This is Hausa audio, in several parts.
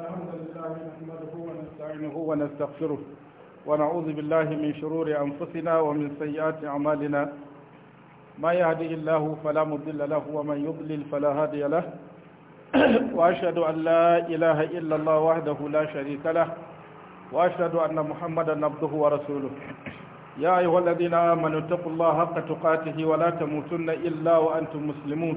الحمد لله نحمده ونستعينه ونستغفره ونعوذ بالله من شرور أنفسنا ومن سيئات أعمالنا ما يهدي الله فلا مضل له ومن يضلل فلا هادي له وأشهد أن لا إله إلا الله وحده لا شريك له وأشهد أن محمدا عبده ورسوله يا أيها الذين آمنوا اتقوا الله حق تقاته ولا تموتن إلا وأنتم مسلمون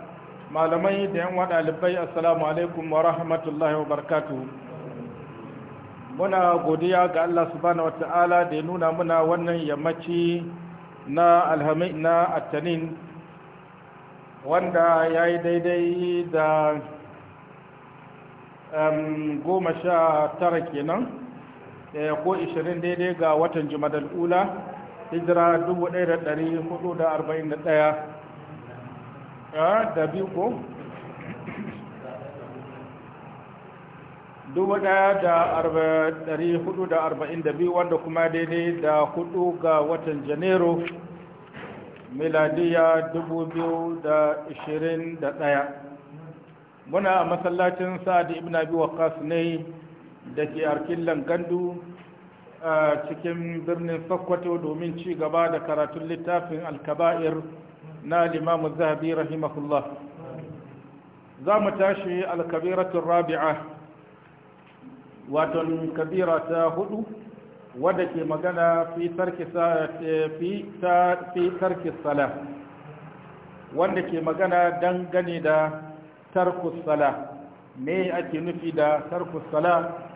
malamai da yan ɗalibai assalamu alaikum wa rahmatullahi wa barkatu muna godiya ga Allah subhanahu wa ta'ala da ya nuna muna wannan yammaci na alhamid na attanin wanda ya yi daidai da goma sha tara kenan eh, ko ishirin daidai ga watan jimadal'ula hijira 1441 ɗaya da arba'in wanda kuma daidai da hudu ga watan janairu miladiya dubu biyu da ishirin da ɗaya muna a masallacin sa'adu ibn abi waqas ne da ke arkillan gandu a cikin birnin sokoto domin ci gaba da karatun littafin alkaba'ir na limamu zahabi rahimahullah za mu tashi alkabiratun rabi'a waton kabira ta hudu wadda ke magana fi tarki sala wanda ke magana dangane da tarkus sala me ake nufi da tarkus sala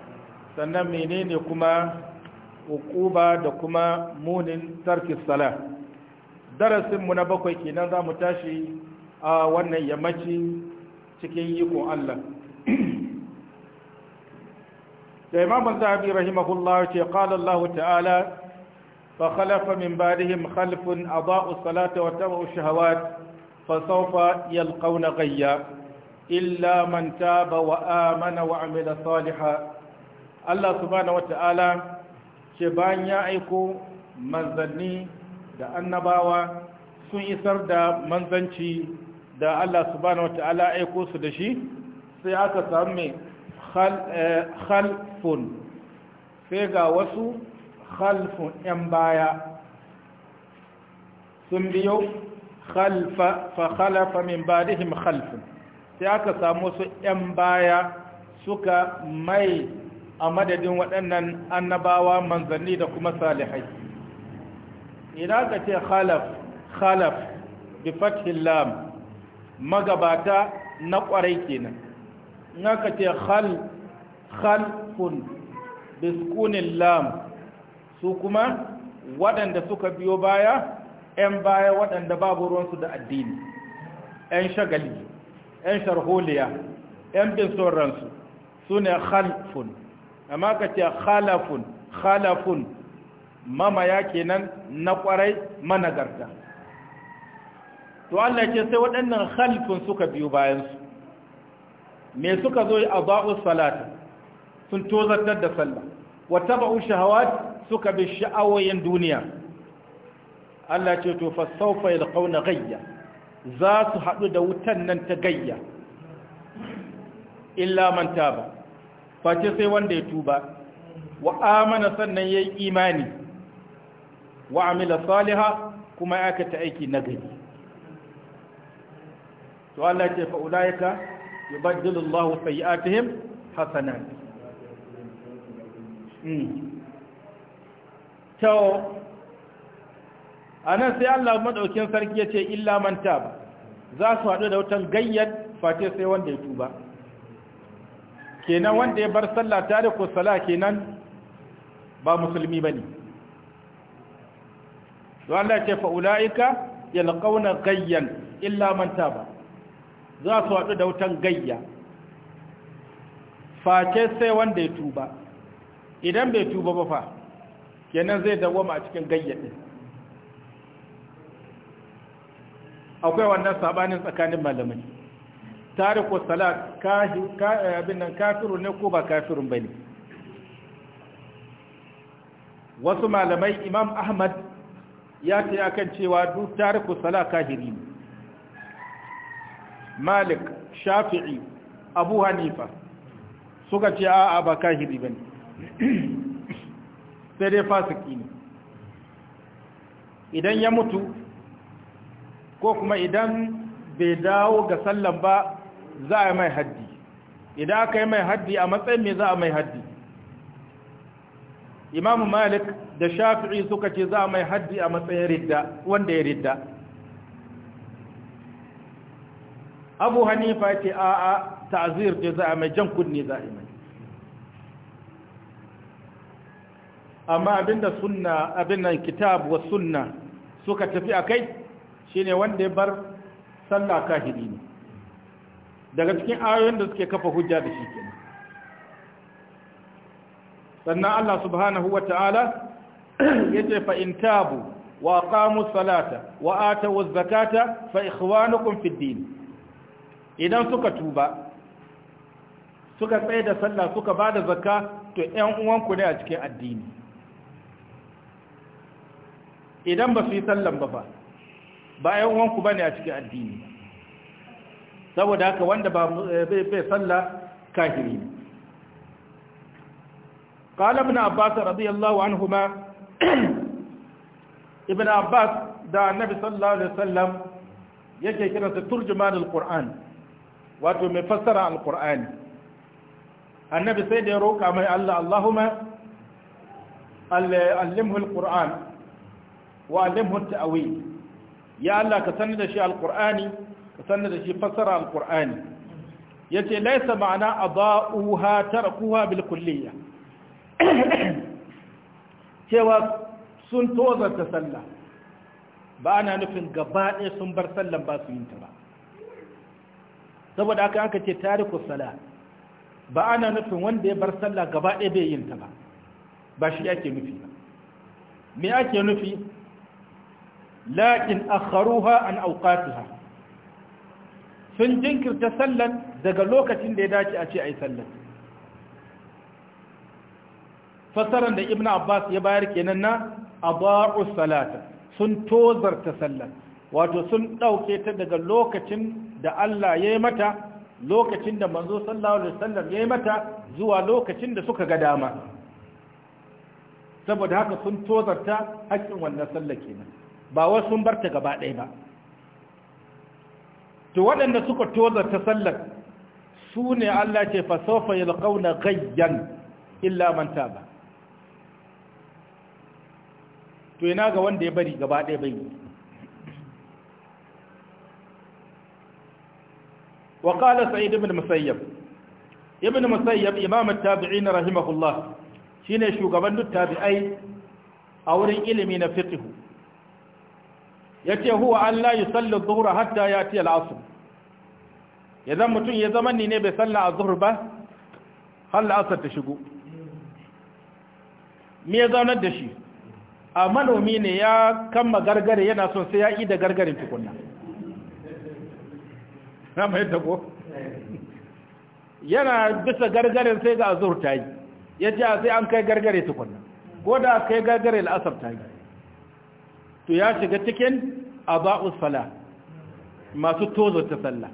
sannan menene kuma ukuba da kuma munin tarkis sala darasinmu na bakwai kenan za mu tashi a wannan yammaci cikin ikon Allah da imamun zahabi rahimahullah ce qala Allah ta'ala fa khalafa min ba'dihim khalfun adaa'u salata wa tabu shahawat fa sawfa yalqawna ghayya illa man taba wa amana wa amila salihan Allah subhanahu wa ta'ala ce bayan ya aiko manzanni da annabawa sun isar da manzanci da Allah subhanahu wata'ala aiko su da shi sai aka samu eh, khalfun sai ga wasu khalfun 'yan baya sun biyo fa khalafa min badihim khalfun sai aka samu su 'yan baya suka mai a madadin waɗannan annabawa manzanni da kuma salihai ina ka ce khalaf khalaf bi fathil lam magabata na kwarai kenan ina ka ce khal khalfun bi sukunin lam su kuma waɗanda suka biyo baya 'yan baya waɗanda babu ruwansu da addini 'yan shagali 'yan sharholiya 'yan bin son ransu su ne khalfun amma ka ce khalafun khalafun mamaya kenan na kwarai managarta to Allah ce sai waɗannan khalfin suka biyo bayansu me suka zo a ba'u salata sun tozartar da sallah wata ba'u shahawat suka bi sha'awoyin duniya Allah ce to fasaufa ya kauna gayya za su haɗu da wutan nan ta gayya illa manta ba. face sai wanda ya tuba wa amana sannan ya yi imani wa amila saliha kuma ya aikata aiki na gari to Allah ce fa ulaika yubaddilu Allahu sayyi'atihim hasanat mm to anan sai Allah madaukin sarki yace illa man taba za su hadu da wutan gayyar face sai wanda ya tuba kenan wanda ya bar sallah tare ko sala kenan ba musulmi bane don Allah ce fa ulaika yalqawna gayyan illa man taba za su haɗu da wutan gayya face sai wanda ya tuba idan bai tuba ba fa kenan zai dawoma a cikin gayya akwai wannan sabanin tsakanin malamai tariku salat eh, abin nan kafiru ne ko ba kafirun bane wasu malamai imam ahmad ya ce kan cewa duk tariku sala kahiri malik shafi'i abu hanifa suka ce a'a ba kahiri ne sai dai fasiki ne idan ya mutu ko kuma idan bai dawo ga sallan ba za a mai haddi idan aka yi mai haddi a matsayin mai za a mai haddi imamu malik da shafi'i suka ce za mai haddi a matsayin ridda wanda ya ridda abu hanifa ce a a ta'zir ce za mai jan kunni za a mai amma abinda sunna abinnan kitab wa sunna suka tafi a kai shine wanda ya bar sallah kahiri ne daga cikin ayoyin da suke kafa hujja da shi kenan sannan Allah subhanahu wa ta'ala ya ce fa'in tabu wa ƙamu salata wa ata wa zakata fa ikhwanukum idan suka tuba suka tsaye da sallah suka ba da zakka to ‘yan uwanku ne a cikin addini idan ba su yi sallan ba ba ‘yan uwanku ba ne a cikin addini saboda haka wanda ba eh, bai sallah kahiri قال ابن عباس رضي الله عنهما ابن عباس da annabi sallallahu alaihi wasallam yake kiransa turjuman alquran wato mai fassara alqur'ani annabi sai da ya roka mai Allah Allahumma allimhu alquran wa allimhu ta'wil ya Allah ka sanar da shi alqur'ani ka sanar da shi fassara yace laysa ma'ana adaa'uha tarkuha bil cewa sun tozarta sallah ba ana nufin gaba ɗaya sun bar sallan ba su yin ta ba saboda aka aka ce tariku sala ba ana nufin wanda ya bar sallah gaba ɗaya bai yin ta ba ba shi ake nufi ba me ake nufi lakin akharuha an ha. sun jinkirta sallan daga lokacin da ya dace a ce a yi sallan fasaran da ibn abbas ya bayar kenan na abaru salata sun tozarta sallar wato sun ɗauke ta daga lokacin da Allah ya yi mata lokacin da manzo sallallahu alaihi wasallam ya yi mata zuwa lokacin da suka ga dama saboda haka sun tozarta haƙƙin wannan sallar kenan ba wa sun bar ta gaba ɗaya ba to waɗanda suka tozarta sallar su ne Allah ce fa sawfa yalqawna ghayyan illa manta ba. to yana ga wanda ya bari gaba ɗaya bai wa qala sa'id ibn musayyab ibn musayyab imam at-tabi'in rahimahullah shi ne shugaban duk tabi'ai a wurin ilimi na fiqh yace huwa an la yusalli dhuhra hatta yati al-'asr idan mutum ya zama ne bai salla a zuhur ba har al ta shigo me ya zaunar da shi a manomi ne ya kama gargare yana son sai ya yi da gargarin tukunna na mai ko yana bisa gargarin sai ga azur ta yi ya ce sai an kai gargare tukunna ko da kai gargare la'asar ta yi to ya shiga cikin aba'us fala masu tozo ta sallah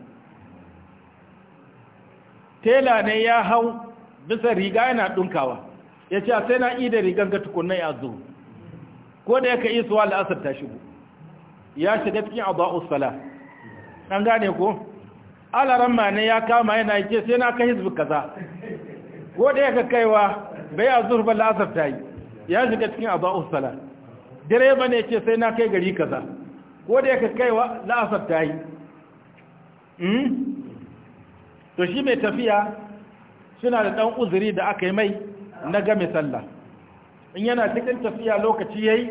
tela ne ya hau bisa riga yana dunkawa ya ce sai na ida rigar ga tukunna ya zuwa ko da yake isuwa al'asar ta shigo ya shiga cikin aba'us sala an gane ko alaran ma ne ya kama yana yake sai na kai hizbi kaza ko da yake kaiwa bai azur ba la'asar ta yi ya shiga cikin aba'us sala direba ne yake sai na kai gari kaza ko da yake kaiwa la'asar ta yi hmm? to shi mai tafiya suna da dan uzuri da aka yi mai na game sallah in yana cikin tafiya lokaci ya yi,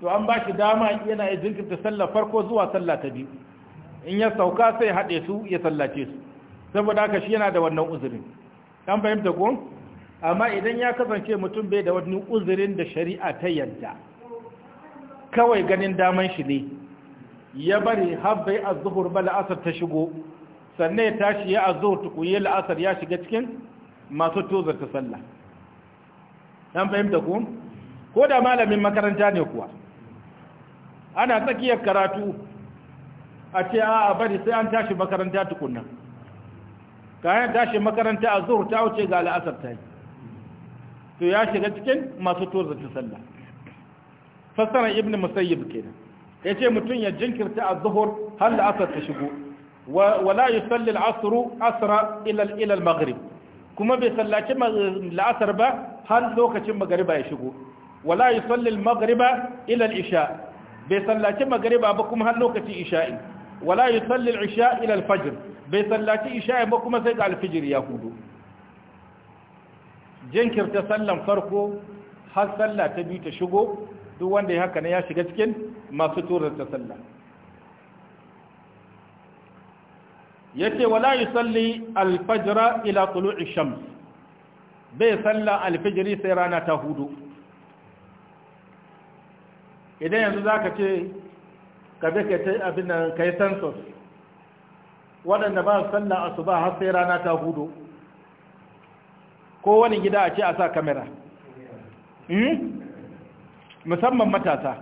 to an ba shi dama yana iya jinkirta sallar farko zuwa sallah ta biyu in ya sauka sai haɗe su ya sallace su saboda haka shi yana da wannan uzurin kan fahimta ko amma idan ya kasance mutum bai da wani uzurin da shari'a ta yadda kawai ganin daman shi ne ya bari har bai azzuhur ba la'asar ta shigo sannan ya tashi ya azzuhur tukuyi la'asar ya shiga cikin masu tozar sallah an fahimta ku ko da malamin makaranta ne kuwa ana tsakiyar karatu a ce a bari sai an tashi makaranta tukunna kayan tashi makaranta a zuhur ta wuce ga al'asar ta yi to ya shiga cikin masu toza ta sallah fassara ibn musayyib kenan ya ce mutum ya jinkirta a zuhur har la'asar ta shigo wala yusalli al'asru asra ila al-maghrib kuma bai sallaci la'asar ba har lokacin magariba ya shigo wala yusalli al-maghriba ila isha bai sallaci magariba ba kuma har lokacin isha'i wala yusalli al-isha ilal al bai sallaci isha'i ba kuma sai ga alfijir ya hudu jinkirta sallan farko har sallah ta biyu ta shigo duk wanda ya haka ne ya shiga cikin masu turar ta sallah yace wala yusalli salli fajr ila tulu'i shams bai salla al-fajr sai rana ta hudu idan yanzu zaka ce ka bi ka tai abin nan kai census waɗanda ba asuba har sai rana ta hudu ko wani gida a ce a sa kamera hmm? musamman matasa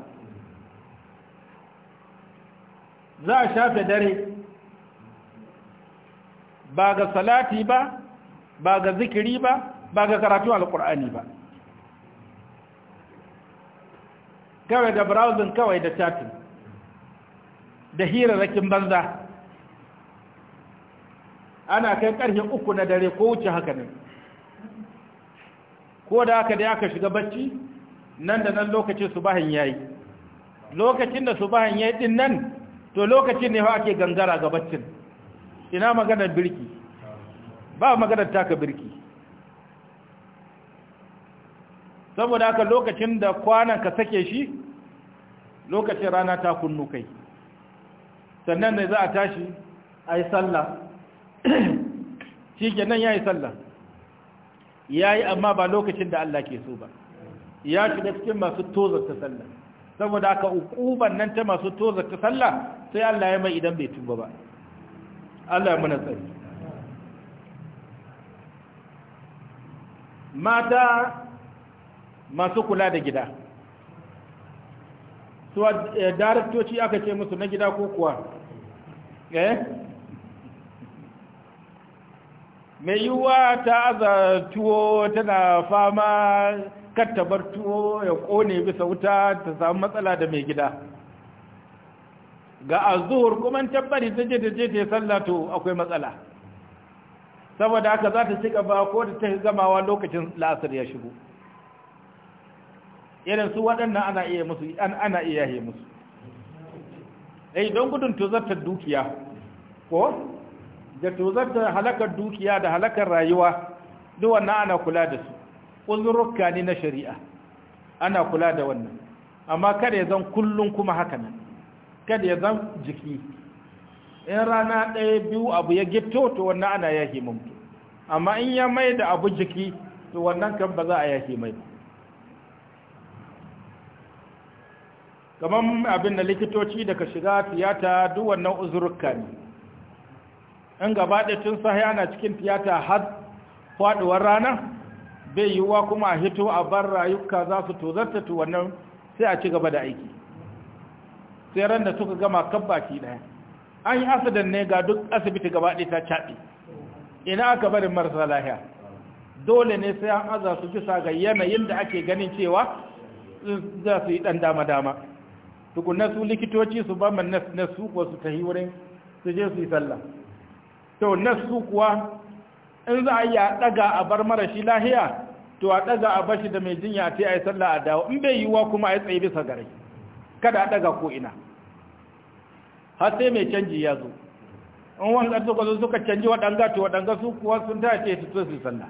za a shafe dare ba ga salati ba ba ga zikiri ba ba ga karatun alkur'ani ba kawai da browsing kawai da chatting da hira hirarrakin banza ana kai karfe uku na dare ko wuce haka ne ko da aka da aka shiga bacci nan da nan lokacin subahin yayi lokacin da subahin yayi din nan to lokacin ne fa ake gangara ga baccin ina maganar birki ba maganar taka birki saboda haka lokacin da kwanan ka sake shi lokacin rana ta kunnu kai sannan ne za a tashi a yi sallah shi nan ya yi sallah ya yi amma ba lokacin da Allah ke so ba ya shiga cikin masu ta sallah saboda haka ukuban nan ta masu ta sallah sai Allah ya mai idan bai tuba ba Allah ya muna tsari mata masu kula da gida su eh, daraktoci aka ce musu na gida ko kuwa eh mai yiwuwa ta aza tuwo tana fama kattabar tuwo ya kone bisa wuta ta samu matsala da mai gida ga azuhur kuma tabbari ta je ta je ta yi akwai matsala saboda haka za ta cika ba ko da ta gamawa lokacin la'asar ya shigo irin su waɗannan ana iya musu ana iya yi musu eh don gudun tozartar dukiya ko da tozartar halakar dukiya da halakar rayuwa duk wannan ana kula da su uzurruka ne na shari'a ana kula da wannan amma kada ya zan kullun kuma haka nan kada ya zan jiki in rana ɗaya biyu abu ya gito to wannan ana yahi mumtu amma in ya mai da abu jiki to wannan kan ba za a yaki mai ba kamar abin da likitoci daga shiga tiyata duk wannan uzurka ne in gaba ɗaya tun sahi ana cikin tiyata har faɗuwar rana bai yiwuwa kuma a hito a bar rayuka za su tozarta to wannan sai a ci gaba da aiki sai ran da suka gama kabba ki ɗaya an yi asadar ne ga duk asibiti gaba ɗaya ta caɓi ina aka bari marasa lahiya dole ne sai an aza su bisa ga yanayin da ake ganin cewa za su yi ɗan dama-dama tukunan su likitoci su ba ma na su kuwa su tahi wurin su je su yi sallah to na kuwa in za a yi a ɗaga a bar marashi lahiya to a ɗaga a bashi da mai jinya a ce a yi sallah a dawo in bai yiwuwa kuma a yi tsaye bisa gare kada a ɗaga ko ina har sai mai canji ya zo in wani ɗan suka zo suka canji waɗanga to waɗanga su kuwa sun ta ce su sun sallah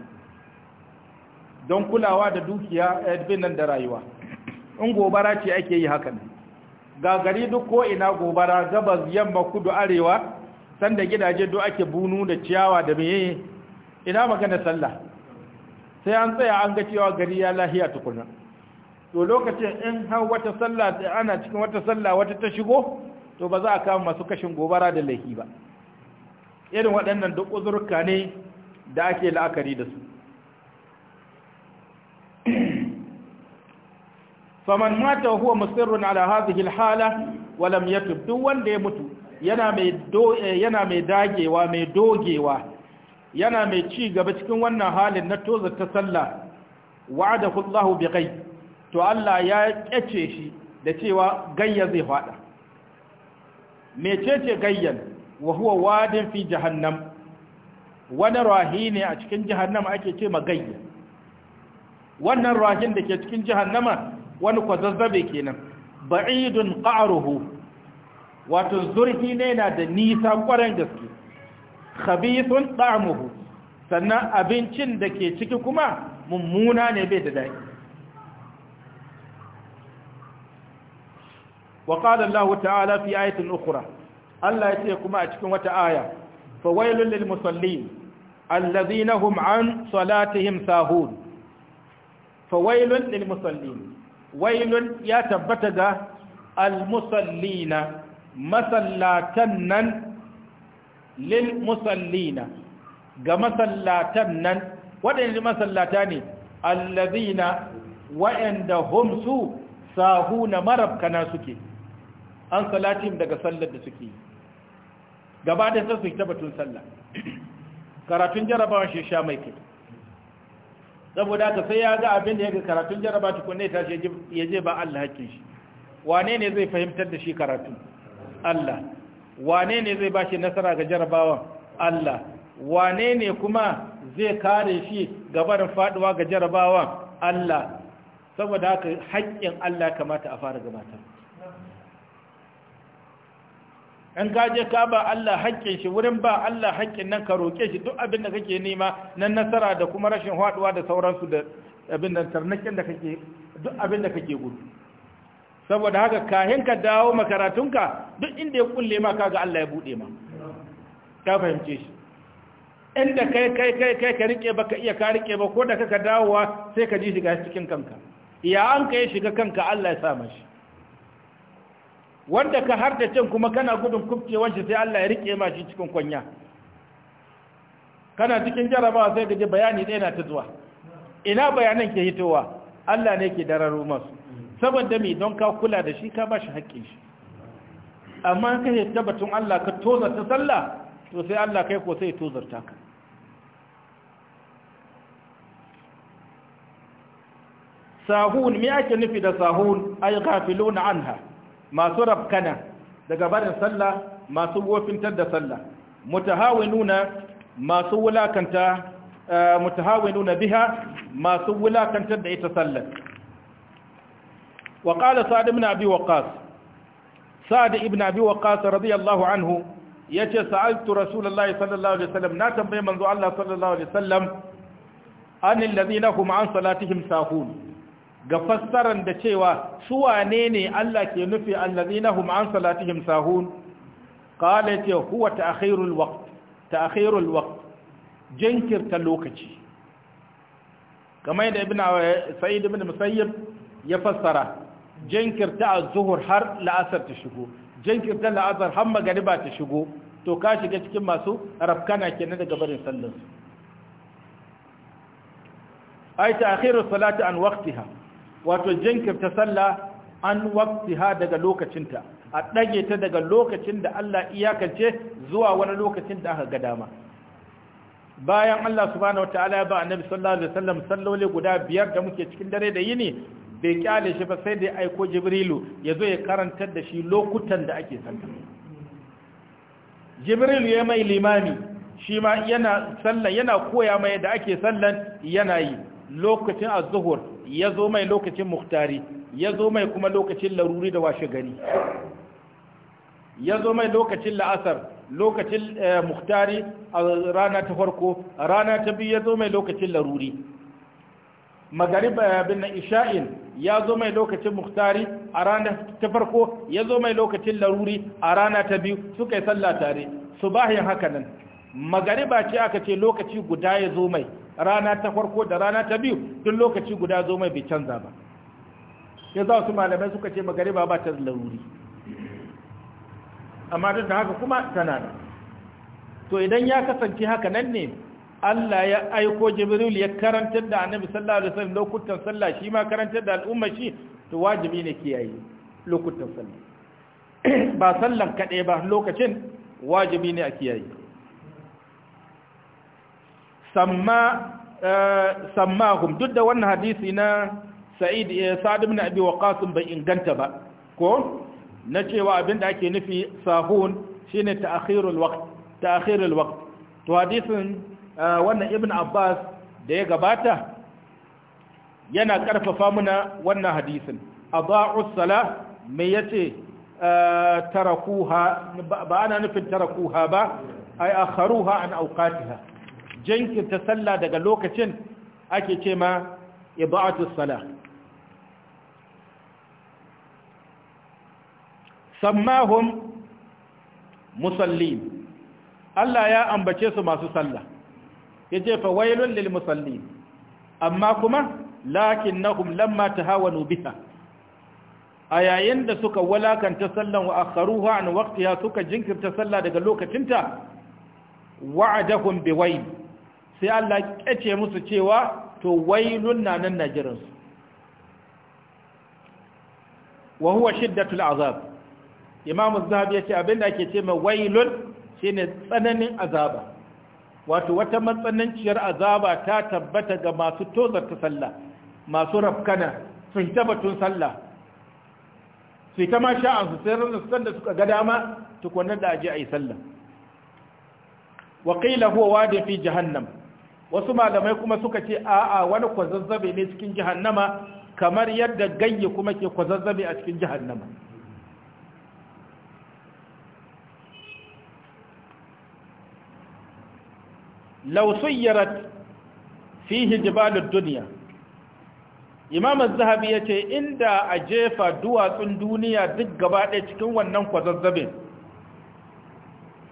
don kulawa da dukiya eh, bin nan da rayuwa in gobara ce ake yi hakan ga gari duk ko ina gobara gabas yamma kudu arewa sanda gidaje duk ake bunu da ciyawa da meye ina magana sallah sai an tsaya an ga cewa gari ya lahiya tukuna to lokacin in har wata sallah ana cikin wata sallah wata ta shigo to ba za a kama masu kashin gobara da laifi ba irin waɗannan duk uzurka ne da ake la'akari da su faman mata huwa musirrun ala hadhihi alhala wa lam yatub duk wanda ya mutu yana mai eh, yana mai dagewa mai dogewa yana mai ci gaba cikin wannan halin na toza ta sallah wa'adahu Allahu bi ghay to Allah ya ƙyace shi da cewa gayya zai fada mecece gayyan wa huwa wadin fi jahannam wani rahi ne a cikin jahannama ake ce magayya wannan rahin da ke cikin jahannama wani kwazazzabe kenan ba'idun qa'ruhu wato zurfi ne na da nisa kwarin gaske khabithun ta'muhu sannan abincin da ke ciki kuma mummuna ne bai da daɗi wa qala Allah ta'ala fi ayatin ukhra Allah ya ce kuma a cikin wata aya fa wailul lil musallin alladhina hum an salatihim sahun fa wailul lil musallin wailun ya tabbata ga al musallina masallatan nan lil ga masallatan nan waɗanda masallata ne allazina wa'anda hum su sahuna marabkana suke an salatin daga sallar da suke yi gaba da sai su yi tabbatun sallah karatun jarabawa shi sha mai kai saboda haka sai ya ga abin da ya ga karatun jaraba tukunne ta shi ya je ba Allah hakkin shi wane ne zai fahimtar da shi karatun Allah wane ne zai ba shi nasara ga jarabawan Allah wane ne kuma zai kare shi da faduwa ga jarabawan Allah saboda haka haƙƙin Allah kamata a fara gabatar in ka je ka ba Allah haƙƙin shi wurin ba Allah haƙƙin nan ka roƙe shi duk abin da kake nema na nasara da kuma rashin haɗuwa da sauransu da abin da tarnakin da kake duk abin da kake gudu saboda haka kahin ka dawo makaratunka duk inda ya kulle ma kaga Allah ya bude ma ka fahimce shi inda kai kai kai kai ka rike baka iya ka rike ba ko da kaka dawowa sai ka ji shiga cikin kanka ya an kai shiga kanka Allah ya sa mashi wanda ka can kuma kana gudun kubcewar shi sai Allah ya rike ma shi cikin kwanya kana cikin jarabawa sai ji bayani ɗaya na ta zuwa ina bayanan ke hitowa Allah ne ke dararo masu saboda me don ka kula da shi ka ba shi haƙƙin shi amma ka yi tabbatun Allah ka tozarta sallah to sai Allah kai ko sai tozarta ka sahun me ake nufi da sahun ay ghafiluna anha masu rafkana daga barin sallah masu wofintar da sallah mutahawinuna masu wulakanta eh, mutahawinuna biha masu wulakantar da ita sallah wa qala sa'd ibn abi waqas sa'd ibn abi waqas radiyallahu anhu yace sa'altu rasulullahi sallallahu alaihi wasallam na tambaye manzo Allah sallallahu alaihi wasallam an alladhina hum an salatihim sahun ga fassaran da cewa su wane ne Allah ke nufi allazina hum an salatihim sahun qala ta huwa ta'khirul waqt ta'khirul waqt jinkirta lokaci kamar da ibn eh, sa'id ibn musayyib ya fassara jinkirta az-zuhur har la'asar ta shigo jinkirta la'asar har magariba ta shigo to ka shiga cikin masu rafkana kenan daga barin sallar su ay ta'khirus salati an waqtiha wato jinkirta sallah an ha daga lokacinta a ɗage ta daga lokacin da Allah iyakance zuwa wani lokacin da aka ga dama bayan Allah subhanahu wataala ya ba annabi sallallahu alaihi wasallam salloli guda biyar da muke cikin dare da yini bai kyale shi ba sai da aiko jibrilu ya zo ya karantar da shi lokutan da ake sallah jibrilu ya mai limami shi ma yana sallah yana koya mai da ake sallan yana yi lokacin az ya zo mai lokacin muhtari ya zo mai kuma lokacin laruri da washe gari ya zo mai lokacin la'asar lokacin eh, muhtari a rana ta farko rana ta biyu ya zo mai lokacin laruri magarib eh, bin isha'in ya zo mai lokacin muhtari a rana ta farko ya zo mai lokacin laruri a rana ta biyu suka yi sallah tare su bahin hakanan magariba ce aka ce lokaci guda ya zo mai rana ta farko da rana ta biyu duk lokaci guda zo mai bai canza ba ya za su malamai suka ce magari ba ta laruri amma duk da haka kuma tana da to idan ya kasance haka nan ne Allah ya aiko Jibril ya karantar da Annabi sallallahu alaihi wasallam lokutan sallah shi ma karantar da al'umma shi to wajibi ne kiyaye lokutan sallah ba sallan kaɗai ba lokacin wajibi ne a kiyaye Eh, sammahum duk da wannan hadisi na sa'id eh, sa'ad ibn abi waqas bai inganta ba ko na cewa abinda ake nufi sahun shine ta'khirul waqt waqt to hadisin eh, wannan ibn abbas da ya gabata yana karfafa muna wannan hadisin adaa'us sala me yace tarakuha ba ana nufin tarakuha ba ay akharuha an aukatiha jinkirta sallah daga lokacin ake ce ma ibadatus sala sammahum musallin Allah ya ambace su masu sallah yace fa waylun lil musallin amma kuma lakinnahum lamma tahawanu biha a yayin da suka walakanta sallan wa akharuha an waqtiha suka jinkirta sallah daga lokacinta wa'adahum biwayl sai Allah ƙyace musu cewa to wailun na nan najirinsu wa huwa shiddatul azab imamu zahabi yace abinda ake ce mai wailun shine tsananin azaba wato wata matsananciyar azaba ta tabbata ga masu tozarta sallah masu rafkana su tabbatun sallah su kama ma su sai ranar sanda suka ga dama tukunan da aje a yi sallah waƙila huwa wadin fi jahannam wasu malamai kuma suka ce a'a wani kwazazzabe ne cikin jihannama, kamar yadda ganye kuma ke kwazazzabe a cikin jihannama. law sayyarat fihi jibalud dunya imam az-zahabi yace inda a jefa duwatsun duniya duk gaba ɗaya cikin wannan kwazazzabe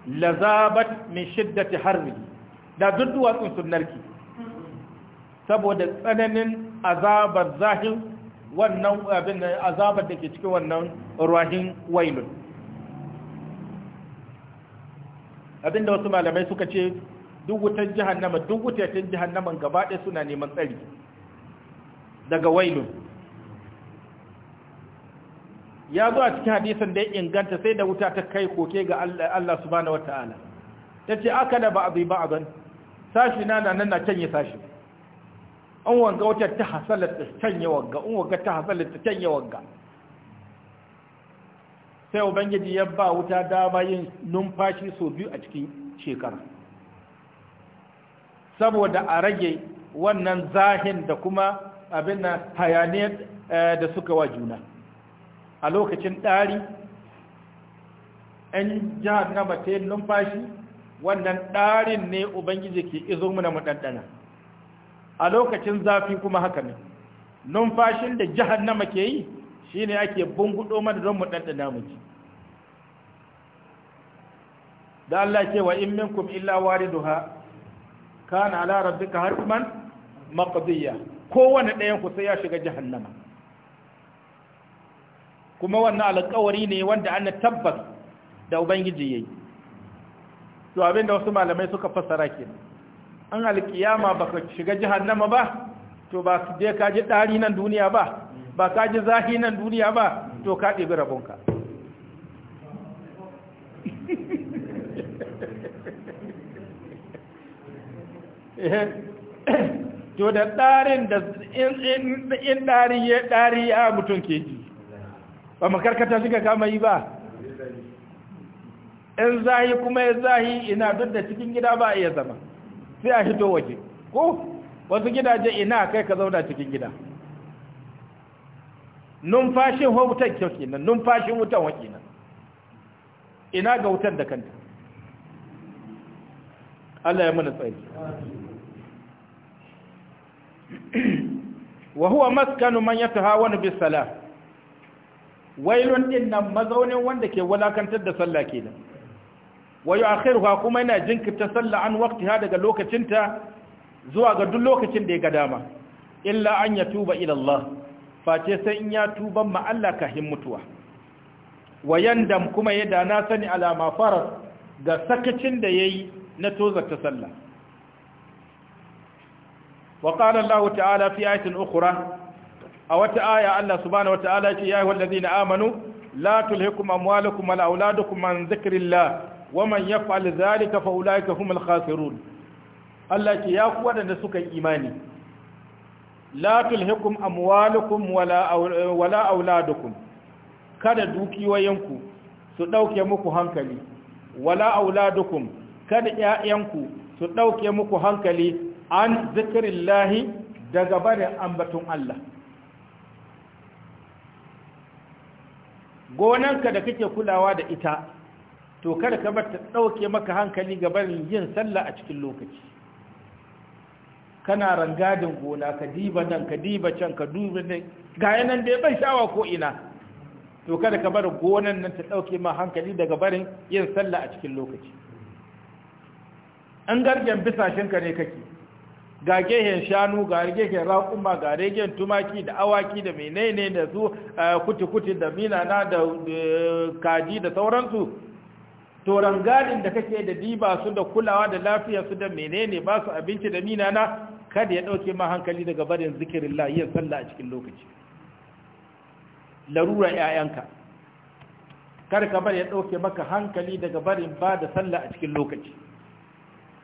lazabat min shiddati harbi da duk sun sunarki saboda tsananin azabar zahir wannan abin azabar da ke cikin wannan ruwahin wailun abinda wasu malamai suka ce duk wutar jahannama duk wutatin jahannaman gaba ɗaya suna neman tsari daga wailun ya zo a cikin hadisan da ya inganta sai da wuta ta kai koke ga Allah subhanahu Ta tace aka da ba abi ba aban sashi na nan na canye sashi an wanga wata ta hasalar ta canye wanga. an wanga ta hasalar ta canye wanga. sai ubangiji ya ba wuta dama yin numfashi sau biyu a cikin shekara saboda a rage wannan zahin da kuma abin na hayaniyar eh, da suka wa juna a lokacin ɗari 'yan jihar na yin numfashi wannan ɗarin ne ubangiji ke izo muna mu ɗanɗana a lokacin zafi kuma haka ne numfashin da jihannama ke yi shi shine ake bungudo mana don mu ɗanɗana mu da Allah ce wa in minkum illa ka kana ala rabbika harfiman maqdiya kowanne ɗayan ku sai ya shiga jihannama. kuma wannan alƙawari ne wanda an tabbas da ubangiji ya yi. to abinda wasu malamai suka fassara ke an alkiyama baka shiga jahannama ba to ba su je ka ji ɗari nan duniya ba ba ka ji zahi nan duniya ba to ka ɗebi rabonka to da ɗarin da in ɗari ya ɗari ya mutum ke ji ba makarkata shiga kama yi ba in zahi kuma ya zahi ina duk da cikin gida ba a iya zama sai a hito waje ko wasu gidaje ina kai ka zauna cikin gida numfashin wutan kyau kenan numfashin wutan wa nan ina ga wutan da kanta Allah ya mana tsaye wa huwa maskanu man yatahawanu bis salah wailun din nan mazaunin wanda ke walakantar da sallah kenan wa yu'akhiruha kuma yana jinkirta sallah an waqtiha daga lokacinta zuwa ga duk lokacin da ya ga dama illa an yatuba ila Allah face sai in ya tuban ma Allah kahin mutuwa wayandam kuma ya dana sani alama faras ga sakacin da yayi na tozarta sallah wa qala Allah ta'ala fi ayatin ukhra a wata aya Allah subhanahu wataala ya ya ayyuhallazina amanu la tulhikum amwalukum wala auladukum an dhikrillah wa man yaf'al dhalika fa ulaika humul Allah ke ya ku waɗanda suka yi imani la tulhikum amwalukum wala wala auladukum kada dukiyoyinku su ɗauke muku hankali wala auladukum kada 'ya'yanku su ɗauke muku hankali an zikrillahi daga barin ambatun Allah gonanka da kake kulawa da ita to kada ka bar ta dauke maka hankali ga barin yin sallah a cikin lokaci kana rangadin gona ka diba nan ka diba can ka dubi nan ga yanan da ya ban shawa ko ina to kada ka bar gonan nan ta dauke ma hankali daga barin yin sallah a cikin lokaci an bisashen ka ne kake ga gehen shanu ga gehen raƙuma ga regen tumaki da awaki da menene da su eh, kuti-kuti da minana da eh, kaji da sauransu to rangadin da kake da diba su da kulawa da lafiya su da menene ba su abinci da mina na kada ya dauke ma hankali daga barin zikirin la yin sallah a cikin lokaci larura ƴaƴanka kar ka bar ya dauke maka hankali daga barin ba da sallah a cikin lokaci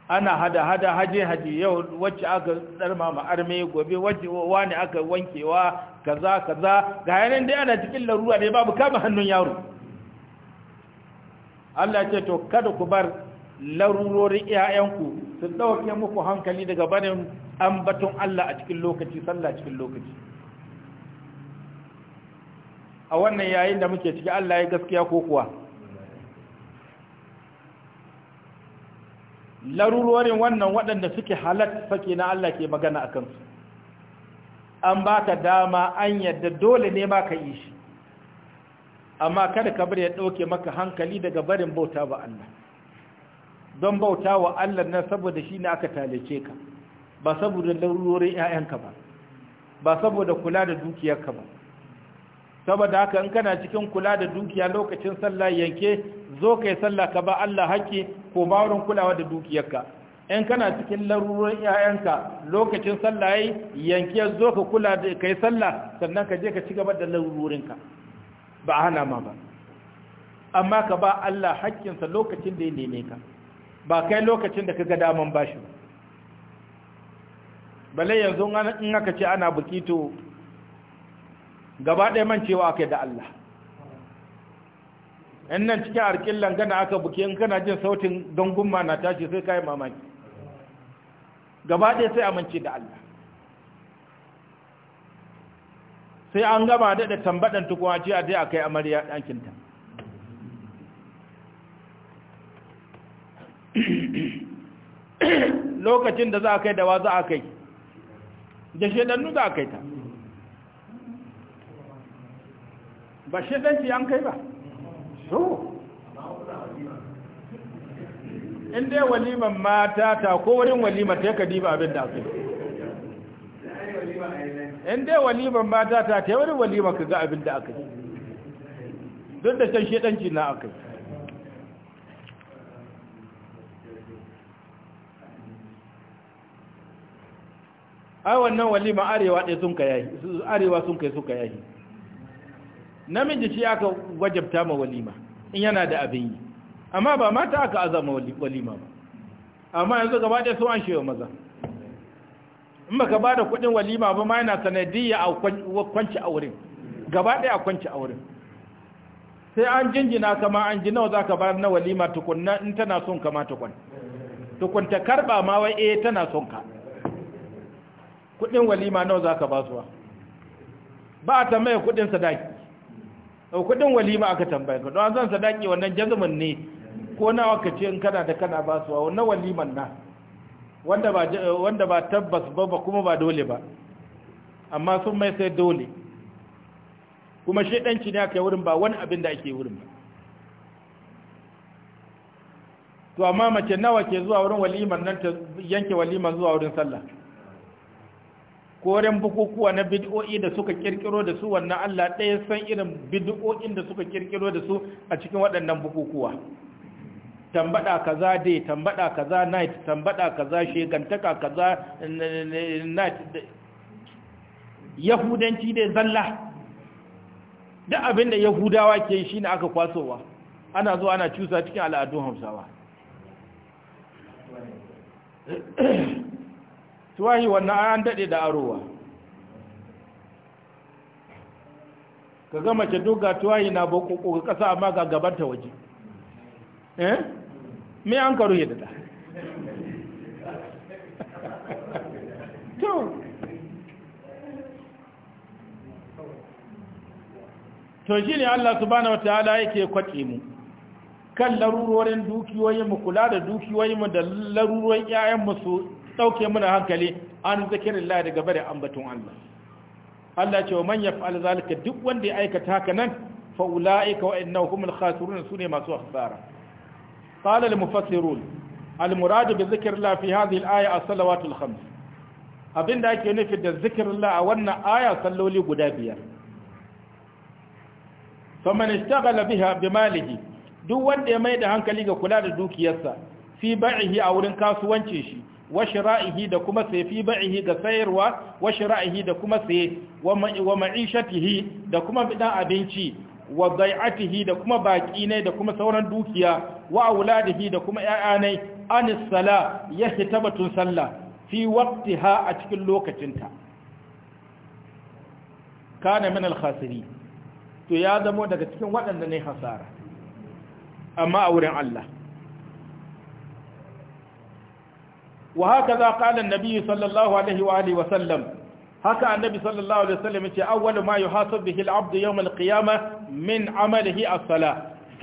ana hada hada haje haje yau wacce aka darma ma arme gobe wacce wani aka wankewa kaza kaza ga yanin dai ana cikin larura ne babu kama hannun yaro Allah ce to kada ku bar larurorin iyayenku su dauke muku hankali daga barin ambaton Allah a cikin lokaci sallah cikin lokaci a wannan yayin da muke ciki Allah ya gaskiya ko kuwa larurorin wannan waɗanda suke halat sake na Allah ke magana a kansu an ba ta dama an yadda dole ne ma ka yi shi amma kada ka bari ya ɗauke maka hankali daga barin bauta ba Allah don bauta wa Allah na saboda shi ne aka talace ka ba saboda larurorin 'ya'yanka ba ba saboda kula da dukiyarka ba saboda haka in kana cikin kula da dukiya lokacin sallah yanke zo kai sallah ka ba Allah haƙƙi ko ba wurin kulawa da dukiyarka in kana cikin larurorin 'ya'yanka lokacin sallah yanke zo ka kula da kai sallah sannan ka je ka ci gaba da larurorinka ba a hana ma ba amma ka ba Allah haƙƙinsa lokacin da ya neme ka ba kai lokacin da ka ga daman bashi ba bale yanzu in aka ce ana bukito gaba ɗaya man cewa aka da Allah in nan cikin arkillan langana aka buke in kana jin sautin gangun na tashi sai ka yi mamaki gaba ɗaya sai amince da Allah sai an gama da tambadan tukuwa ce a dai a kai amarya ɗakinta lokacin da za a kai da wa za a kai da shedannu za a kai ta ba shedanci an kai ba so inda waliman mata ta ko wurin walimar ta ka ba abin da aka in dai waliman mata ta ta wani walimar ka ga abin da aka yi duk da can shedanci na aka yi ai wannan walimar arewa ɗaya sun ka yayi arewa sun kai suka yayi namiji shi aka wajabta ma walima in yana da abin yi amma ba mata aka azama walima ba amma yanzu gaba ɗaya sun an shewa maza in ka ba da kuɗin walima ba ma yana sanadiyya a kwanci a wurin, gaba ɗaya a kwanci a wurin. sai an jinjina kama an ji nawa za ka bayar na walima tukunna in tana son kama tukun tukun ta karɓa ma wai eh tana son ka kuɗin walima nawa za ka ba suwa ba a tambaya kuɗin sadaki kuɗin walima aka tambaya ka don zan sadaki wannan jazumin ne ko nawa ka ce in kana da kana ba suwa wannan waliman na wanda ba wanda ba tabbas ba ba kuma ba dole ba amma sun mai sai dole kuma shedanci ne aka yi wurin ba wani abin da ake wurin ba to amma mace nawa ke zuwa wurin walimar nan ta yanke walimar zuwa wurin sallah koren bukukuwa na bid'o'i da suka kirkiro da su wannan Allah ɗaya san irin bid'o'in da suka kirkiro da su a cikin waɗannan bukukuwa tambada kaza day tambada kaza night tambada kaza shegantaka kaza night yahudanci dai zalla duk abin da yahudawa ke shi ne aka kwasowa ana zuwa ana cusa cikin al'adun hausawa tuwahi wannan an dade da arowa ka gama ce duk ga tuwahi na bakoko ga ƙasa amma ga gabanta waje eh me an karu yadda dada to shi ne Allah subhanahu wa ta'ala yake kwace mu kan larurorin dukiyoyi mu kula da dukiyoyi mu da larurorin ƴaƴan mu su dauke muna hankali an zikirin Allah daga da ambaton Allah Allah ce wa man yaf'al zalika duk wanda ya aikata haka nan fa ulaika wa innahum al-khasirun sune masu hasara قال المفسرون المراد بذكر الله في هذه الآية الصلوات الخمس abin da ake nufi da zikirin a wannan aya salloli guda biyar faman ishtaghala biha bimalihi duk wanda ya da hankali ga kula da dukiyarsa fi ba'ihi a wurin kasuwanci shi wa shira'ihi da kuma sai fi ba'ihi ga sayarwa wa shira'ihi da kuma sai wa ma'ishatihi da kuma bidan abinci wa atihi da kuma baki ne da kuma sauran dukiya wa auladihi da kuma ƴaƴa ne anis sala ya hitabatun sallah fi waqtiha a cikin lokacinta kana min al-khasiri to ya zamo daga cikin waɗanda ne hasara amma a wurin Allah wa haka za qala an-nabi sallallahu alaihi wa sallam haka annabi sallallahu alaihi wasallam yace awwalu ma yuhasabu bihi al-abd yawm al-qiyamah min amalihi as-salah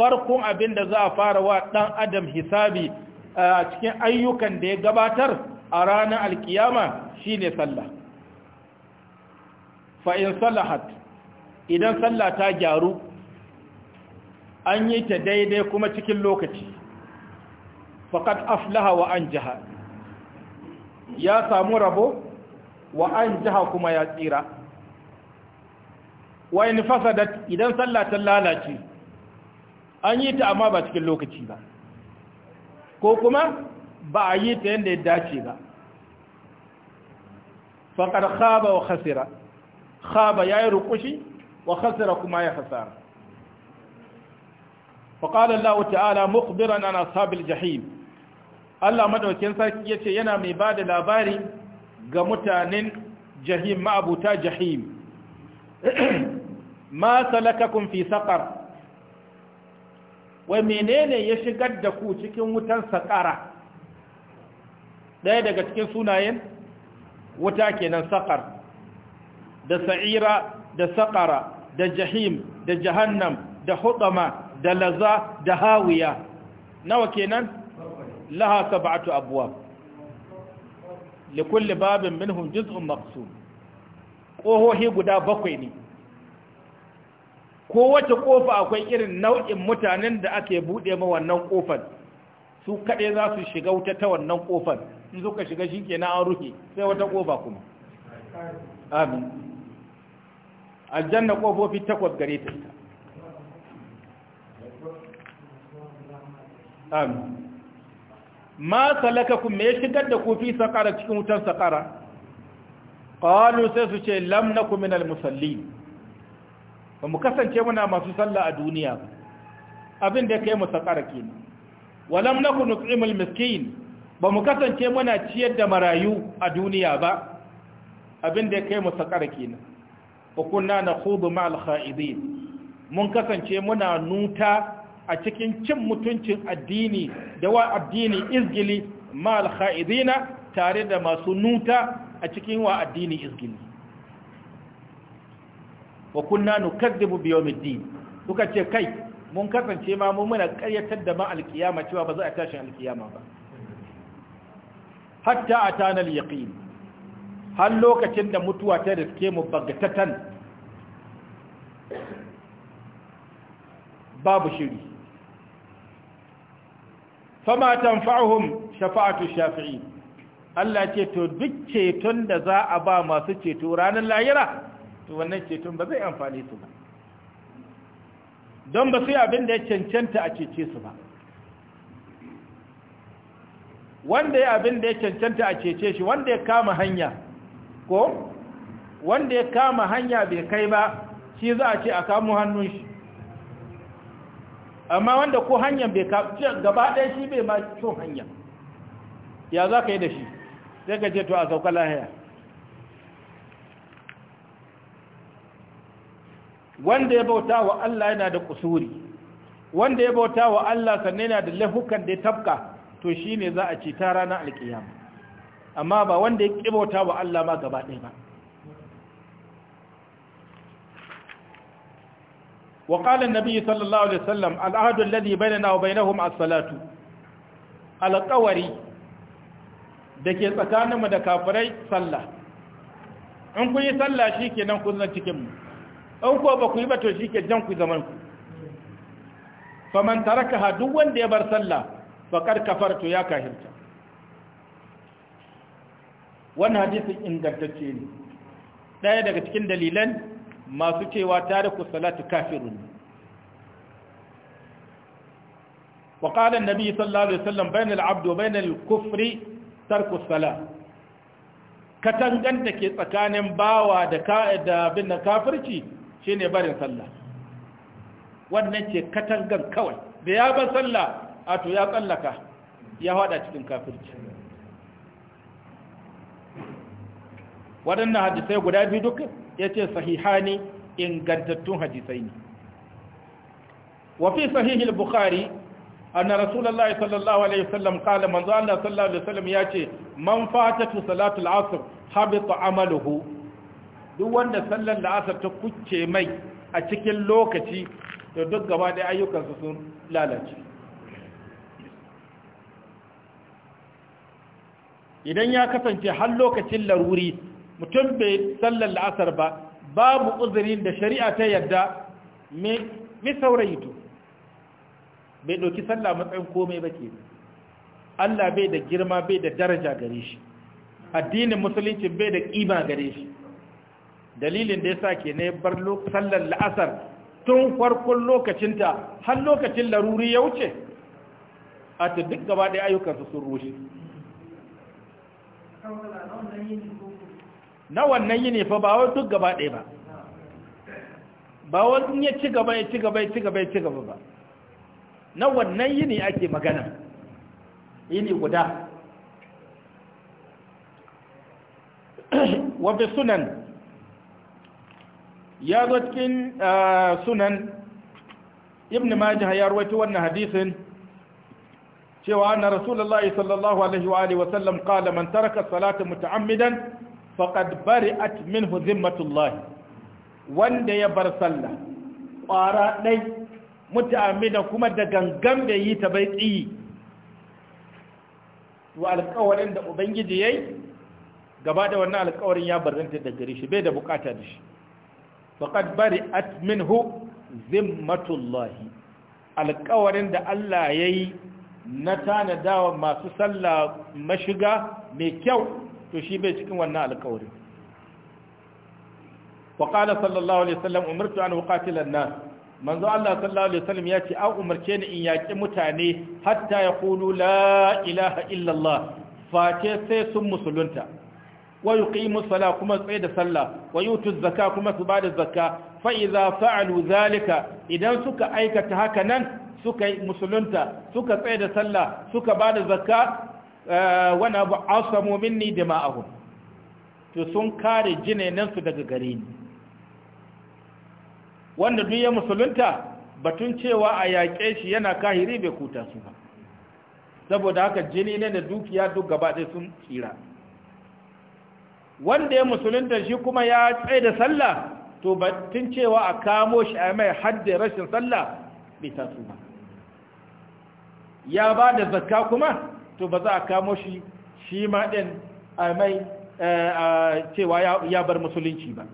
farkon abinda za a fara wa dan adam hisabi a cikin ayyukan da ya gabatar a ranar alkiyama shine sallah fa in salahat idan sallah ta gyaru an yi ta daidai kuma cikin lokaci faqad aflaha wa anjaha ya samu rabo wa an kuma ya tsira wa in fasadat idan sallah ta lalace an yi ta amma ba cikin lokaci ba ko kuma ba a yi ta yadda ya dace ba faƙar khaba wa khasira khaba ya yi rukushi wa khasira kuma ya khasara فقال الله تعالى مخبرا عن اصحاب الجحيم الله مدوكين sarki yace yana mai bada labari ga mutanen jahim ma'abuta jahim ma salakakum fi saqar wai menene ya shigar da ku cikin wutan saqara ɗaya daga cikin sunayen wuta kenan saqar da sa'ira da saqara da jahim da jahannam da hutama da laza da hawiya nawa kenan laha sab'atu abwab likulli babin minhum juz'un maqsum kohohi guda bakwai ne kowace kofa akwai irin nau'in mutanen da ake buɗe ma wannan kofar su kaɗai za su shiga wuta ta wannan kofar in suka shiga shi an rufe sai wata kofa kuma amin aljanna kofofi takwas gare ta amin ma ku me shigar da ku fi saqara cikin wutar saqara qalu sai su ce lam ku min al-musallin ba mu kasance muna masu sallah a duniya ba abin da kai mu saqara ne wa lam ku nut'imul miskin ba mu kasance muna ciyar da marayu a duniya ba abin da kai mu saqara kenan wa kunna nakhudu ma'al kha'idin mun kasance muna nuta a cikin cin mutuncin addini da wa addini izgili ma alkha'idina tare da masu nuta a cikin wa addini izgili wa kunna nukaddibu bi yawmiddin kuka ce kai mun kasance ma mu muna ƙaryatar da ma alkiyama cewa ba za a tashin alkiyama ba hatta atana alyaqin har lokacin da mutuwa ta riske mu bagatatan babu shiri fama tanfa'uhum shafa'atu shafi'i Allah ce to duk ceton da za a ba masu ceto ranar lahira to wannan ceton ba zai amfane su ba don ba su yi abin da ya cancanta a cece su ba wanda ya abin da ya cancanta a cece shi wanda ya kama hanya ko wanda ya kama hanya bai kai ba shi za a ce a kamo hannun shi amma wanda ko hanyar bai kafa gaba ɗaya shi bai ma cin hanya ya za ka yi da shi sai ka ce to a sauka lahiya wanda ya bauta wa Allah yana da kusuri wanda ya bauta wa Allah sannan yana da laifukan da ya tafka to shi ne za a ci ta ranar alƙiyama amma ba wanda ya ƙi bauta wa Allah ma gaba ɗaya ba وقال النبي صلى الله عليه وسلم العهد الذي بيننا وبينهم الصلاة القوري dake tsakaninmu da kafirai sallah in kun yi sallah shikenan kun zan cikin mu in ko ba ku yi ba to shike jan ku zaman ku raka tarakaha duk wanda ya bar sallah faqad to ya kahirta Wani hadisin ingantacce ne daya daga cikin dalilan masu cewa tare ku salatu kafirun wa qala an-nabi sallallahu alaihi wasallam bainal abdu wa bainal kufri tarku salat katangan ke tsakanin bawa da da bin kafirci shine barin sallah wannan ce katangan kawai da ya bar sallah a ya tsallaka ya hada cikin kafirci waɗannan hadisai guda biyu dukkan ya ce sahihani ingantattun hadisai ne Wa fi sahihil bukhari anna rasulullahi sallallahu alaihi wasallam kala manzo Allah sallallahu alaihi wasallam ya ce man fatatu salatul asr habita amaluhu duk wanda sallar la'asar ta kucce mai a cikin lokaci da duk gaba da ayyukansu sun lalace idan ya kasance har lokacin laruri mutum bai sallar la'asar ba babu uzurin da shari'a ta yadda mai saurayi bai ɗauki sallah matsayin komai ba ke Allah bai da girma bai da daraja gare shi addinin musulunci bai da ƙima gare shi dalilin da ya sa ke ne bar sallar la'asar tun farkon lokacinta har lokacin laruri ya wuce a ta duk gaba ɗaya ayyukansu sun rushe na wannan yini fa ba wai duk gaba ɗaya ba ba wani ya ci gaba ya ci gaba ya ci gaba ya ci gaba ba na wannan yini ake magana yini guda wafi sunan ya zo cikin eh, sunan ibn majah ya rawaito wannan hadisin cewa anna rasulullahi sallallahu alaihi wa alihi wa sallam qala man taraka salata muta'ammidan faqad bari'at minhu zimmatullahi wanda ya bar sallah ƙwara ɗai muta'amina kuma da gangan da yi ta bai tsiyi wa alƙawarin da ubangiji yayi gaba da wannan alƙawarin ya barzanta da gare shi bai da bukata da shi faqad bari'at minhu zimmatullahi alƙawarin da Allah yayi na tanadawa masu sallah mashiga mai kyau to shi bai cikin wannan alƙawari wa qala sallallahu alaihi wasallam umirtu an uqatila an-nas manzo Allah sallallahu alaihi wasallam ya ce an umarce ni in yaki mutane hatta yaqulu la ilaha illa Allah face sai sun musulunta wa yuqimu sala kuma tsaye da sallah wa yutu zakka kuma su bada zakka fa idza fa'alu zalika idan suka aikata haka nan suka musulunta suka tsaye da sallah suka bada zakka Eh, wani abu asamu minni dima'ahum to sun kare jinenansu daga gare ni wanda duk ya musulunta batun cewa a yaƙe shi yana kahiri bai kuta su ba saboda haka jini ne da dukiya duk gaba sun tsira wanda ya musulunta shi kuma ya tsaye da sallah to batun cewa a kamo shi a mai hadda rashin sallah bai su ba ya ba da zakka kuma to ba za a kamo shi shi ma ɗin a mai cewa ya bar musulunci ba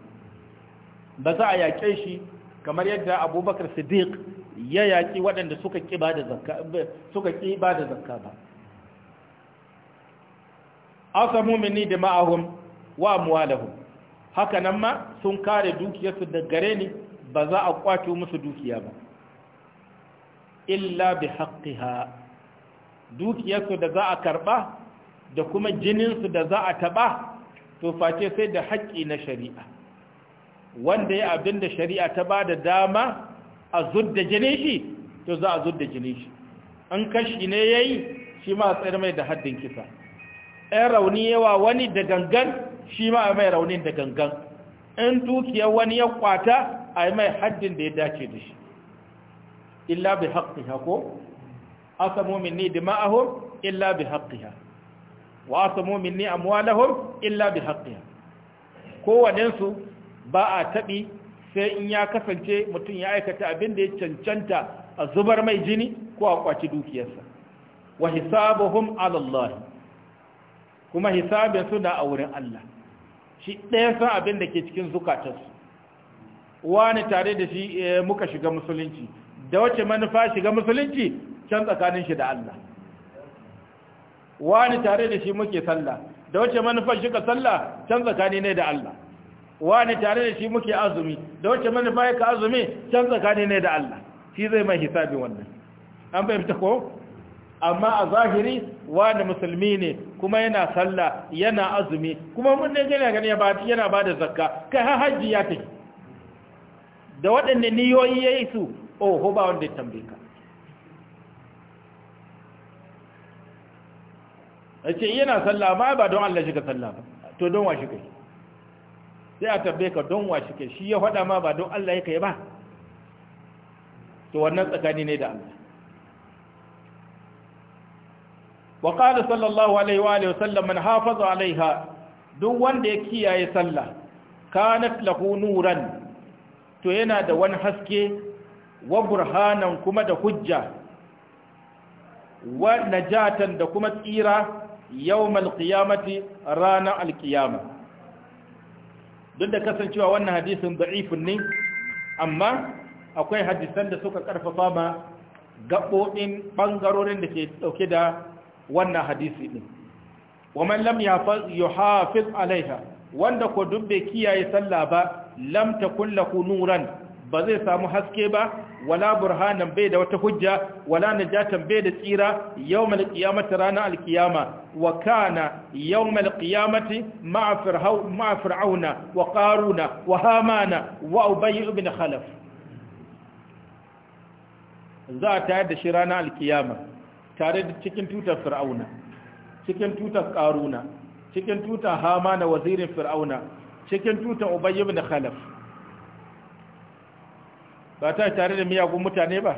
ba za a yaƙe shi kamar yadda abubakar siddiq ya yaƙi waɗanda suka ƙi ba da zakka ba samu mumini da ma'ahun wa muwalahun haka nan ma sun kare dukiyarsu da gare ni ba za a kwato musu dukiya ba illa bi haqqiha dukiyarsu da za a karɓa da kuma jininsu da za a taɓa, to face sai da haƙƙi na shari'a wanda ya abin da shari'a ta ba da dama a zudda jinin shi to za a zudda jinin shi an kashi ne ya yi shi ma a tsayar mai da haddin kisa ɗan rauni yawa wani da gangan shi ma a mai raunin da gangan in dukiyar wani ya kwata a mai haddin da ya dace da shi illa bai haƙƙi hako asamu minni dima'ahum illa bi haqqiha wa asamu minni amwalahum illa bi haqqiha kowanensu ba a taɓi sai in ya kasance mutum ya aikata abin da ya cancanta a zubar mai jini ko a kwaci dukiyarsa wa hisabuhum ala Allah kuma hisabinsu na a wurin Allah shi ɗaya san abin da ke cikin zukatarsu wani tare da shi muka shiga musulunci da wace manufa shiga musulunci can tsakanin shi da Allah wani tare da shi muke sallah da wace manufar shi ka sallah can tsakani ne da Allah wani tare da shi muke azumi da wace manufa ya ka azumi can tsakani ne da Allah shi zai mai hisabi wannan an fahimta ko amma a zahiri wani musulmi ne kuma yana sallah yana azumi kuma mun ne gani gane yana ba da zakka kai har hajji ya tafi da waɗanne niyoyi yayi yi su oho ba wanda ya tambaye ka a ce yana sallah ma ba don Allah shi ka sallah ba to don wa shi kai sai a tabbe ka don wa shi kai shi ya faɗa ma ba don Allah ya kai ba to wannan tsakani ne da Allah wa qala sallallahu alaihi wa alihi sallam man hafaza alaiha duk wanda ya kiyaye sallah kanat lahu nuran to yana da wani haske wa burhanan kuma da hujja wa najatan da kuma tsira yawmal qiyamati ranar alkiyama duk da kasancewa wannan hadisin da'ifun ne amma akwai hadisan da suka karfafa ma gaɓoɗin ɓangarorin da ke ɗauke da wannan hadisi ɗin waman lam yuhafiz alaiha wanda ko dubbe kiyaye sallah ba lam kulla ku nuran ba zai samu haske ba wala burhanan bai da wata hujja wala najatan bai da tsira yawmal qiyamati ranar alkiyama wa kana yawmal qiyamati ma firhau ma fir'auna wa qaruna wa hamana wa ubay ibn khalaf za ta yadda shi ranar alkiyama tare da cikin tutar fir'auna cikin tutar qaruna cikin tutar hamana wazirin fir'auna cikin tutar ubay ibn khalaf ba ta tare da miyagun mutane ba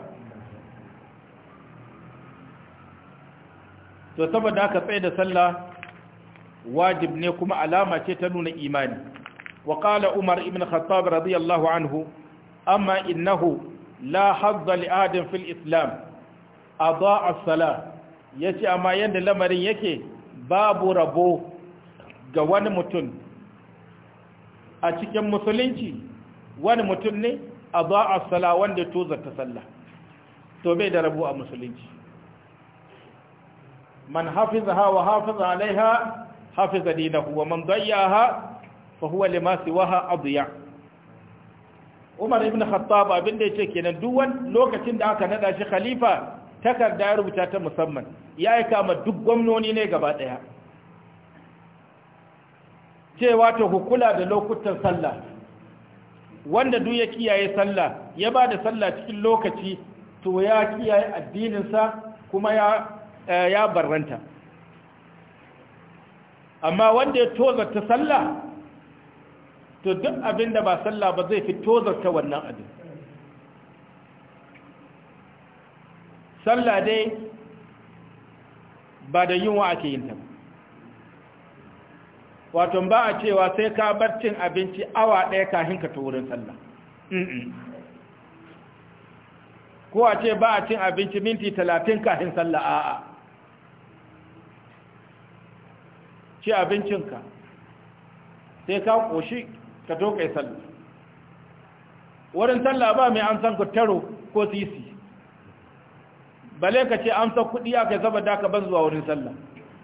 to saboda aka tsaye da sallah wajib ne kuma alama ce ta nuna imani wa qala umar ibn khattab radiyallahu anhu amma innahu la hadda li adam fil islam adaa as-salah yace amma yanda lamarin yake babu rabo ga wani mutum a cikin musulunci wani mutum ne a za sala wanda tozar ta sallah to bai da rabu a musulunci man ha wa hafiza alaiha hafiza dinahu wa man ha fa huwa lima siwaha adiya Umar ibn Khattab abin da ce kenan duk wani lokacin da aka nada shi khalifa takarda ya rubuta ta musamman ya aika ma duk gwamnoni ne gaba daya cewa ta hukula da lokutan sallah wanda duk ya kiyaye sallah ya ba da sallah cikin lokaci to ya kiyaye addininsa kuma ya eh, ya barranta amma wanda ya tozarta sallah to duk abin da ba sallah ba zai fi tozarta wannan abin sallah dai ba da yunwa ake yin ta ba wato ba a cewa sai ka bar cin abinci awa ɗaya kafin ka wurin sallah ko a ce ba a cin abinci minti talatin kafin sallah a'a ci abincinka sai ka ƙoshi ka tokai sallah wurin sallah ba mai san ku taro ko sisi bale ka ce amsa kuɗi aka zaba da ka ban zuwa wurin sallah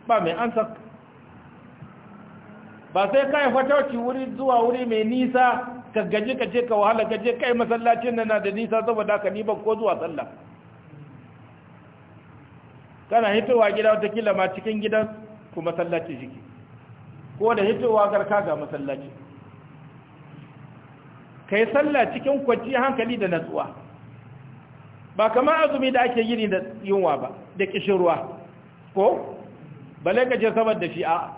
ba mai ku ba sai ka yi fatauci wuri zuwa wuri mai nisa ka gaji ka je ka wahala ka je kai masallacin nan na da nisa saboda ka ni ban ko zuwa sallah kana hitowa gida kila ma cikin gidan ku masallaci jiki ko da hitowa garka ga masallaci kai sallah cikin kwanci hankali da natsuwa ba kamar azumi da ake yini da yunwa ba da kishirwa ko bale ka je saboda shi a'a.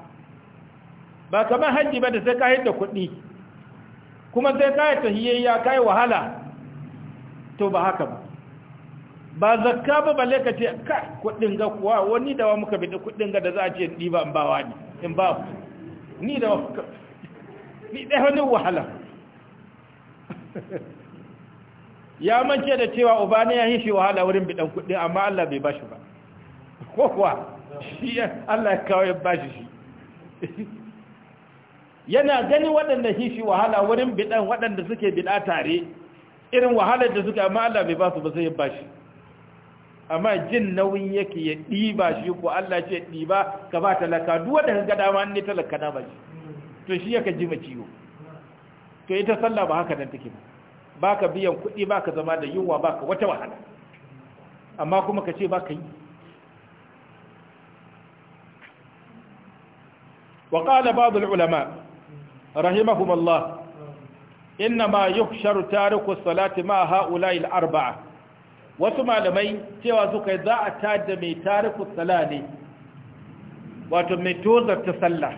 ba kamar hajji ba da sai ka da kuɗi kuma sai ka yi hiyayya ka yi wahala to ba haka ba ba zakka ba balle ka ce ka kuɗin ga kuwa wani dawa muka bi kuɗin ga da za a ce ni ba in ba ni in ba ni da ni da wani wahala ya mance da cewa ubani ya yi shi wahala wurin bidan kuɗi amma Allah bai bashi ba ko kuwa shi Allah ya kawo ya bashi shi yana gani waɗanda shi shi wahala wurin bidan waɗanda suke bida tare irin wahalar da suka amma Allah bai ba su ba sai ya bashi amma jin nauyin yake ya ɗiba shi ko Allah ce ɗiba ka ba talaka duk wanda ka ma ne talaka da ba shi to shi yake ji ciwo to ita sallah ba haka nan take ba baka biyan kuɗi baka zama da yunwa baka wata wahala amma kuma ka ce baka yi wa qala ba'd al ulama rahimahumullah innama yuhsharu tariku salati ma ha'ula'il arba'a wasu malamai cewa suka za a tada mai tariku salati wato mai tozarta sallah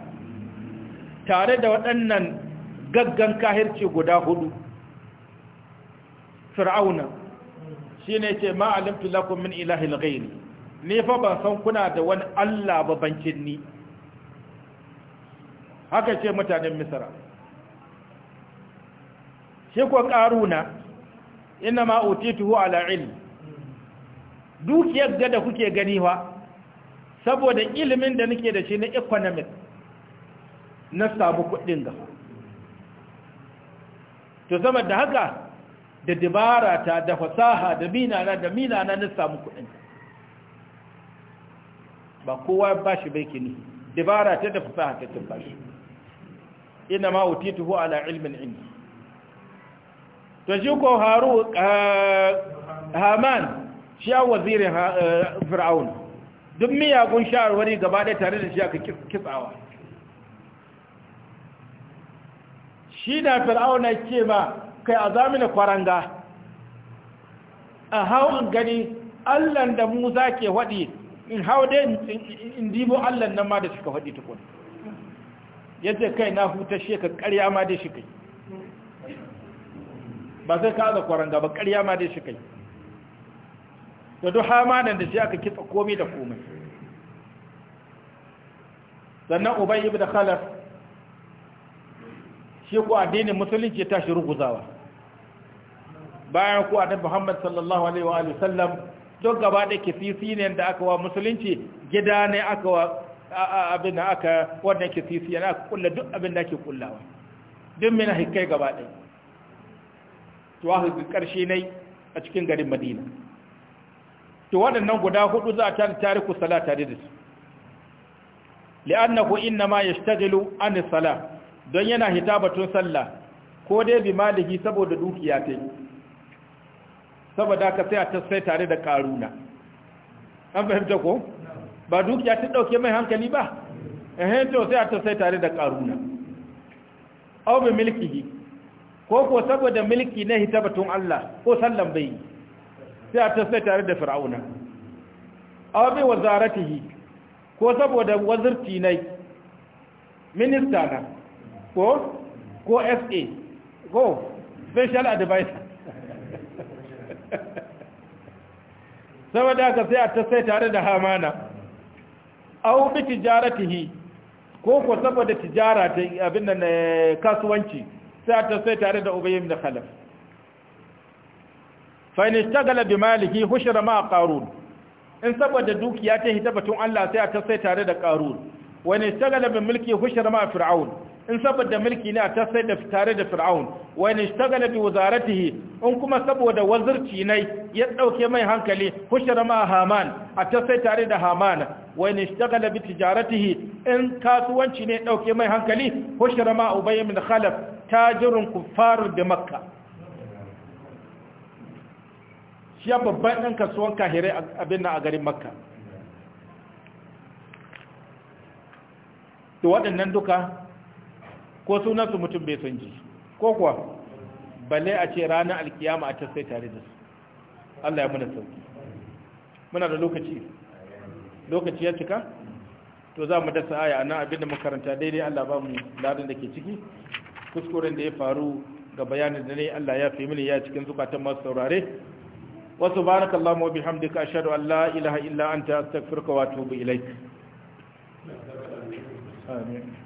tare da waɗannan gaggan kahirci guda hudu fir'auna shi ne ce ma'alimtu lakum min ilahil ghairi ne fa ban san kuna da wani allah babancin ni haka ce mutanen misra shi ko ƙaruna ina ma utituhu ala ilmi dukiyar da kuke gani wa saboda ilimin da nake da shi na economic na samu kudin ga to zama da haka da dabara ta da fasaha da minana da minana na samu kuɗin ba kowa ba shi bai kini dabara ta da fasaha ta tun ba shi ina ma hu ala ilmin indi to shi ko haru eh, haman shi a wazirin eh, fir'aun duk miyagun shawarwari gaba ɗaya tare da shi aka kitsawa shi na fir'auna ke ma kai a zamina kwaranga a hawan gani allan da musa ke waɗi in hau dai in dibo allan nan ma da suka waɗi tukun yace kai na huta shi ka ƙarya ma dai shi kai ba sai ka aza kwaranga ba ƙarya ma dai shi kai da duk hamanan da shi aka kitsa komai da komai sannan ubay ibn khalaf shi ko addinin musulunci ta shi ruguzawa bayan ku annabi Muhammad sallallahu alaihi wa alihi sallam duk gaba da kisisi ne da aka wa musulunci gida ne aka wa abin da aka wannan kisisi yana kulla duk abin da ake kullawa duk mina hikai gaba ɗai to aka ƙarshe ne a cikin garin madina to waɗannan guda hudu za a tare ku sala tare da su li'annahu inna ma yashtaghilu an sala don yana hita batun sallah ko dai bi malihi saboda dukiya ta saboda ka sai a tasai tare da karuna an fahimta ko ba dukiya ta dauke mai hankali ba eh to sai a tausai tare da karuna au bi milkihi ko ko saboda milki na hitabatun Allah ko sallan bai sai a tausai tare da fir'auna au bi wazaratihi ko saboda wazirti nai minista na ko ko SA ko special advisor saboda ka sai a tausai tare da hamana au bi tijaratihi ko ko saboda tijara ta abin nan eh, kasuwanci sai ta sai tare da ubay ibn khalaf fa in ishtagala bi malihi hushra ma qarun in saboda dukiya ta hita batun Allah sai ta sai tare da qarun wa in ishtagala bi mulki hushra ma fir'aun in saboda mulki ne a tasai da tare da fir'aun wani ishtagala bi wazaratihi in kuma saboda wazirci ne ya dauke mai hankali hushara ma haman a tasai tare da haman wani ishtagala bi tijaratihi in kasuwanci ne dauke mai hankali hushara ma ubay min khalaf tajirun kuffar da makka shi babban dan kasuwan kahire abin nan a garin makka to waɗannan duka ko sunansu mutum bai sun ji ko kuwa balle a ce ranar alkiyama a tasai tare da su Allah ya muna sauki muna da lokaci lokaci ya cika to za mu dasa aya a nan abinda makaranta daidai Allah ba mu ladin da ke ciki kuskuren da ya faru ga bayanin da ne Allah ya fi mini ya cikin zukatan masu saurare wa subhanaka allahumma wa bihamdika ashhadu an la ilaha illa anta astaghfiruka wa atubu ilaik amin